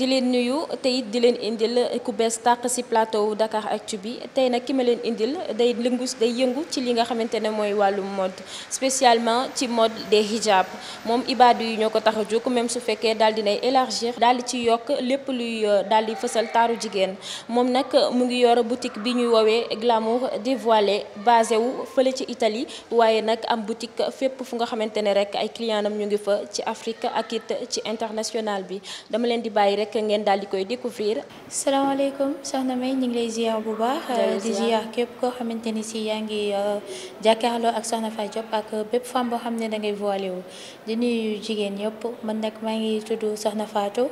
di leen nuyu te dit di indil ku bes tak ci plateau Dakar Actu bi tay nag ki ma leen indil day lëngus day yëngu ci li nga xamantene moy walu mode spécialement ci mode des hijab mom ibadu yi ñoo même su fekke dal dinay élargir dal le ci yok lepp luy euh, dal di fësal taru jigen mom nak mu ngi yor boutique bi ñuy wowe Glamour dévoilé basé wu fele ci Italie waye n'ak am boutique fait fu nga xamantene rek ay clientam ñu ngi fa ci Afrique ak it ci international bi dama len di rek ngeen daal di koy découvrir salaamaaleykum soxna May ñu ngi lay ziar bu baax di ziar képp koo xamante ni si yaa ngi euh, jàkkaarloo ak soxna Faye Diop ak bépp femme boo xam ne da ngay voilé wu di nuyu jigéen yëpp man nekk maa ngi tudd soxna Fatou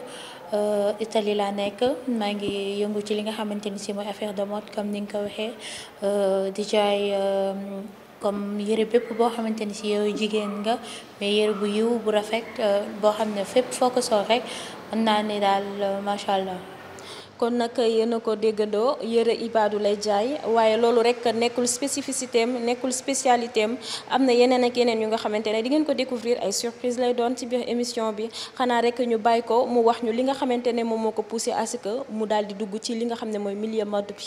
euh, Italie laa nekk maa ngi yëngu ci li nga xamante ni si mooy affaire de mode comme ni nga ko waxee euh, di jaay comme yére bépp boo xamante ni si yow jigéen nga mais yëre bu yiw bu rafet euh, boo xam ne fépp foo ko sol rek mën naa ne daal euh, macha allah. kon nag yéen a ko déggandoo yëre Ibadou lay jaay waaye loolu rek nekkul spécificité nekkul spécialité am na yeneen ak yeneen yu nga xamante ne di ngeen ko découvrir ay surprise lay doon ci biir émission bi xanaa rek ñu bàyyi ko mu wax ñu li nga xamante ne moom moo ko poussé à que mu daal di dugg ci li nga xam ne mooy milieu mode bi.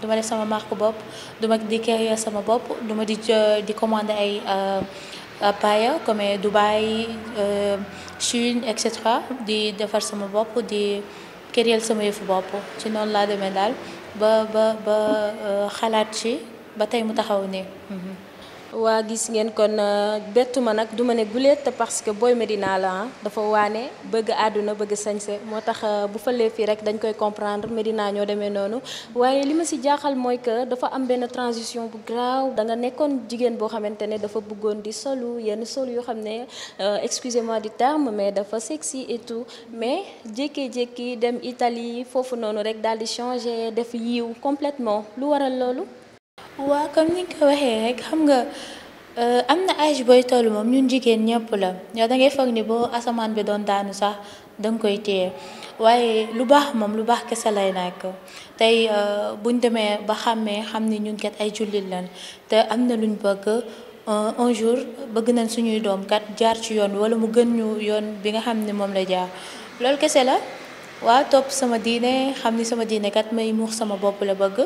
duma def sama marque bopp duma di créer sama bopp duma di di commander ay euh, euh, paaya comme Dubaï euh, Chine et cetera di defar sama bopp di créer sama yëfu bopp ci non la demé dal ba ba ba xalaat ci ba tey mu taxaw ni mhm waa gis ngeen kon euh, bettu ma nag du ma ne guleet parce que Boy Médina la ah dafa waane bëgg àdduna bëgg sañse moo tax euh, bu falee fii rek dañ koy comprendre Médina ñoo demee noonu waaye li ma si jaaxal mooy que dafa am benn transition bu graaw da nga nekkoon jigéen boo xamante ne dafa bëggoon di solu yenn sol yoo xam ne euh, excusez-moi du terme mais dafa sexy et tout mais jékkee-jékki dem Italie foofu noonu rek daal di changer def yiw complètement lu waral loolu waaw comme ni nga ko waxee rek xam nga euh, am na âge booy toll moom ñun jigéen ñëpp la yow da ngay foog ni boo asamaan bi doon daanu sax da nga koy téye waaye lu baax moom lu baax kese lay nekk tey euh, buñ demee ba xàmmee xam ni ñun kat ay jullit lañ te am na luñ bëgg euh, un jour bëgg nañ suñuy doom jaar ci yoon wala mu gën ñu yoon bi nga xam ni moom la jaar kese la waaw topp sama diine xam ni sama diine kat may muux sama bopp la bëgg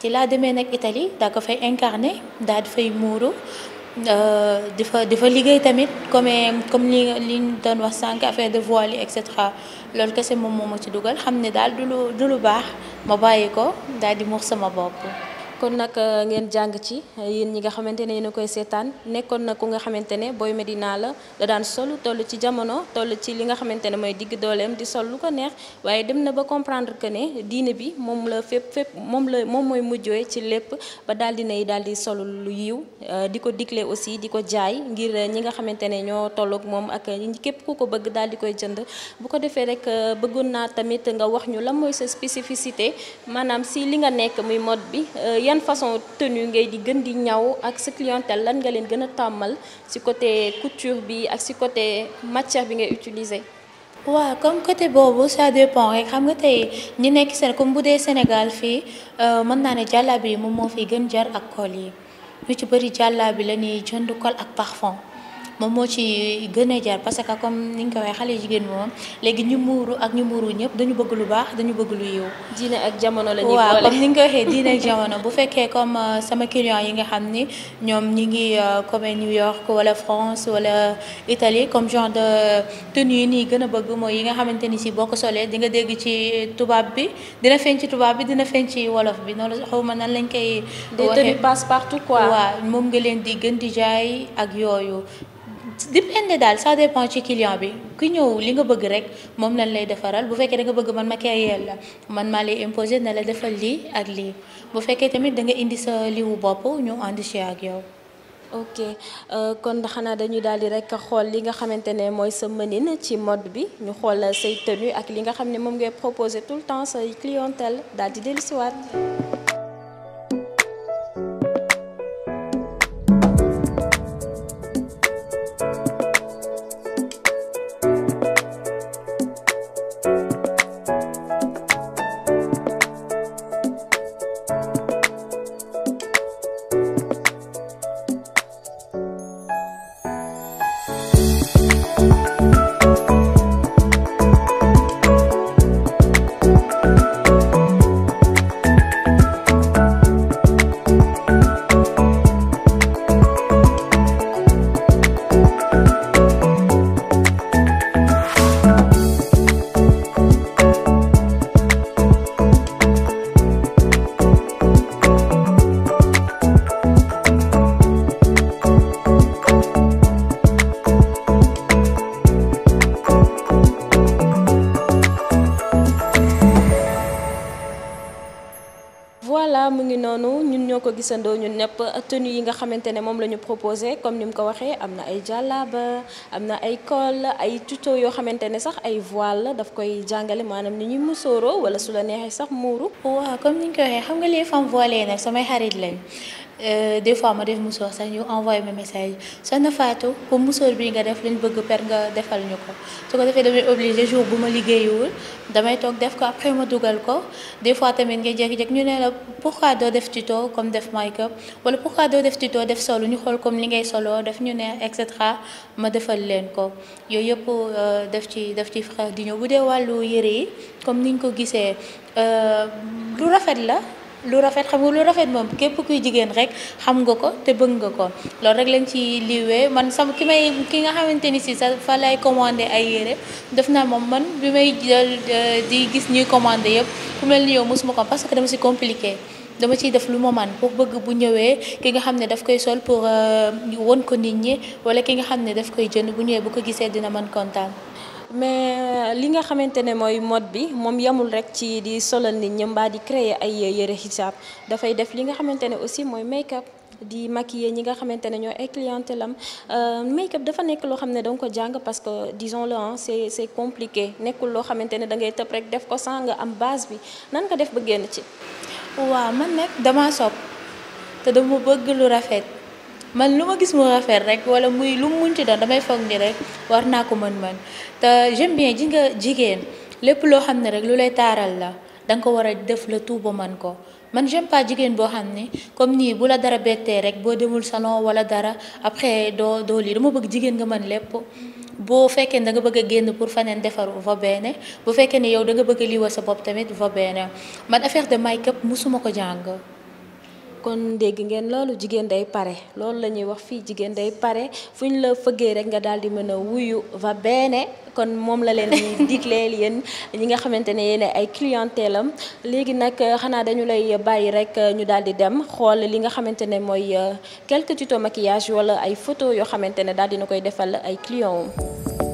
ci la demee nag Italie da ko fay incarné daa fay mourou euh, di difa tamit comme comme li li dans wax sank affaire de voile etc. et cetera loolu de ci dougal xamné dal du lu du baax ma bayiko dal di sama kon nak eh, ngeen jang ci eh, yeen ñi nga xamantene ñu koy sétane nekkon na ku nga xamantene Boy medina la da daan solo tollu ci jamono tollu ci li nga xamantene moy digg dolem di sol lu ko neex waye dem na ba comprendre que ne diine bi mom la fep fep mom la mom moy mujjoy ci lepp ba dal di yi dal di solo lu yiw eh, di ko aussi di jaay ngir ñi nga xamantene ño ñoo mom ak ñi kep ku ko bëgg dal di koy jënd bu ko défé rek bëggoon na tamit nga wax ñu lan moy sa spécificité manam si li nga nekk muy mode bi yan façon tenu ngay di gën di ñaw ak sa clientèle lan nga leen gën a côté couture bi ak ci côté matière bi ngay utiliser. comme côté boobu ça dépend nga comme Sénégal fii euh, mën naa ne fi la parfum. moom moo ci gën a jar parce que comme ni nga ko waxee xale jigéen moom léegi ñu muuru ak ñu muuru ñëpp dañu bëgg lu baax dañu bëgg lu yiw diine ak jamono la ñuy boole waaw comme ni nga ko waxee diine bu fekkee comme euh, sama client yi nga xam ni ñoom ñi ngi euh, comme New York wala France wala Italie comme genre de euh, tenue yi nii gën a bëgg mooy yi nga xamante ni si boo ko solee di nga dégg ci tubaab bi dina feeñ ci tubaab bi dina feeñ ci wolof bi noonu xaw ma nan lañ koy. des tenues passe partout ko waaw moom nga leen di gën di jaay ak yooyu. dépende daal ça dépend ci client bi ki ñëw li nga bëgg rek moom lañ lay defaral bu fekkee da nga bëgg man matériel la man maa lay imposer na la defal lii ak lii bu fekkee tamit da nga indi sa liwu bopp ñu endiché ak yow. ok euh, kon xanaa dañu daal di rek xool li nga xamante ne mooy sa mënin ci mode bi ñu xool la say tenue ak li nga xam ne moom ngay proposer tout le temps say clientèle daal di dellusiwaat. gisandoo ñun ñëpp tenue yi nga xamante ne moom la ñu proposé comme ni mu ko waxee am na ay jàllaaba am na ay col ay tuto yoo xamante ne sax ay voile daf koy jàngale maanaam ni ñuy musooro wala su la neexee sax muuru. waaw comme ni ñu ko waxee xam nga lee femmes voilées nag samay xarit lañ. Euh, des fois ma def musso sax ñu envoyer me message soxna Fatou pour musso bi nga def liñ bëgg per nga defal ñuko ko su ko defee damay obligé jour buma ma damay tok def ko après ma dugal ko des fois tamit nga jek jek ñu né la pourquoi do def tuto comme def make-up wala pourquoi do def tuto def solo ñu xol comme li ngay solo def ñu né et cetera ma defal leen ko yooyu yëpp euh, def ci def ci frère di ñu bu dee yéré comme niñ ko gissé gisee euh, lu rafet la. lu rafet xam nga lu rafet moom képp kuy jigéen rek xam nga ko te bëgg nga ko loolu rek lañ ci liiwee man sama ki may ki nga xamante ni si sa fa lay ay yére def naa moom man bi may jël euh, di gis ñuy commander yëpp ku mel ni yow mosuma ko parce que dama si compliqué dama ciy def lu ma man pour bëgg bu ñëwee ki nga xam ne daf koy sol pour euh, won ko nit ñi wala ki nga xam ne daf koy jënd bu ñëwee bu ko gisee dina mën kontaan. mais euh, li nga xamante ne mooy mode bi moom yamul rek ci di solal nit ñi di créer ay yére hijab dafay def li nga xamante ne aussi mooy make-up di maquiller ñi nga xamante ne ñoo ay clientèle am euh, make-up dafa nekk loo xam ne danga ko jàng parce que disons-le ah c'est compliqué nekkul loo xamante ne dangay ngay tëb rek def ko sans nga am base bi nan nga def ba génn ci. waaw man nag dama sopp te dama bëgg lu rafet. man lu ma gis mu rafet rek wala muy lu mu munti doon damay foog ni rek war naa ko mën man te j'aime ji nga jigéen lépp loo xam ne rek lu lay taaral la danga ko war a def la tout ba mën ko man j'aime jigéen boo xam ne comme nii bu la dara bettee rek boo demul salon wala dara après doo doo lii dama bëgg jigéen nga mën lépp boo fekkee ne da nga bëgg a génn pour faneen defar va bene bu fekkee ne yow da nga bëgg a liiwal sa bopp tamit va bene man affaire de make-up musuma ko jàng kon dégg ngeen loolu jigéen day pare loolu la ñuy wax fii jigéen day pare fu ñu la fëggee rek nga daal di mën a wuyu va bene kon moom la leen digle yéen ñi nga xamante ne yéen ay clientèle léegi nag euh, xanaa dañu lay bàyyi rek euh, ñu daal di dem xool li nga xamante ne mooy euh, quelques tutos maquillage wala ay photo yoo xamante ne daal dina koy defal ay client am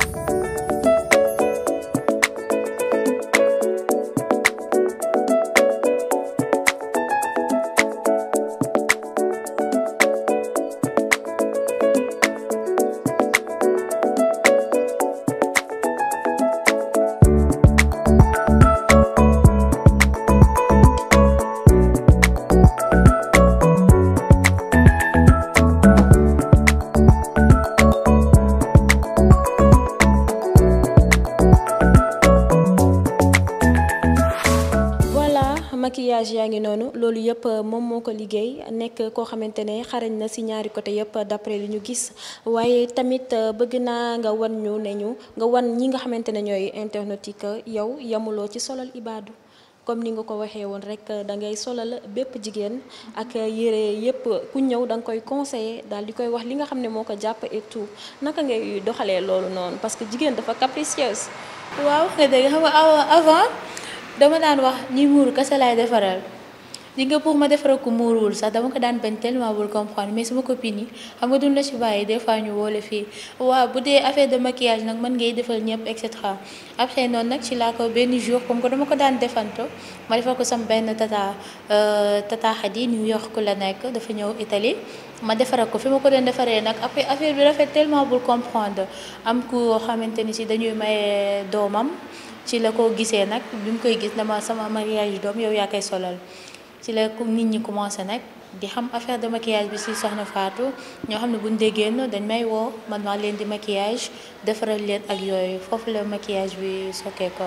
loolu yep mom moko ko nek ko xamantene ne xarañ na nyari ñaari côté yep d'après li ñu gis waye tamit euh, bëgg na nga wan ñu ne ñu nga wan ñi nga xamantene ñoy internetique yow yamulo ci solal ibadu, comme ni nga ko waxé won rek euh, da ngay solal bép jigen ak yéré yep ku ñew dang koy conseiller dal di koy wax li nga xamné moko japp et tout naka ngay doxalé loolu non parce que jigen dafa capricieuse. waaw xé dégg xam nga avant dama daan wax ñi muur kassa lay défaral di pour ma defaral ko muuruwul sax dama ko daan bañ tellement bul comprendre mais sama copine yi xam nga duñ la ci bàyyi des fois ñu woole fii waaw bu affaire de maquillage nag mën ngay defal ñëpp et cetera après noonu nag ci laa ko benn jour comme que dama ko daan defanto ma defal ko sama benn tata euh, tata Xadi New York la nekk dafa ñëw Italie ma defaral ko fi ma ko doon defaree nag après affaire bi rafet tellement bul comprendre am ku xamante ni si dañuy maye domam. ci la ko gisee nag bi mu koy gis dama sama mariage doom yow yaa koy solal ci la ko nit ñi commencé nak di xam affaire de maquillage bi ci Soxna Fatou no xamne bunu degge no dañ may wo man ma leen di maquillage defaral leen ak yoy fofu le maquillage bi soké ko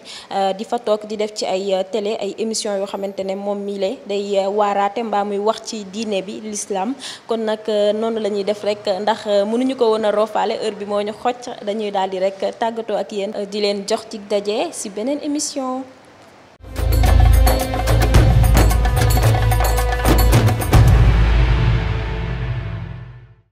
Euh, di fa toog di def ci ay euh, télé ay émission yoo xamante ne moom mii lay day euh, waaraate mbaa muy wax ci diine bi lislaam kon nag noonu la ñuy def rek ndax mënuñu ko woon a roofaale heure bi moo ñu xocc dañuy daal di rek tàggatoo ak yéen di leen jox ci daje si beneen émission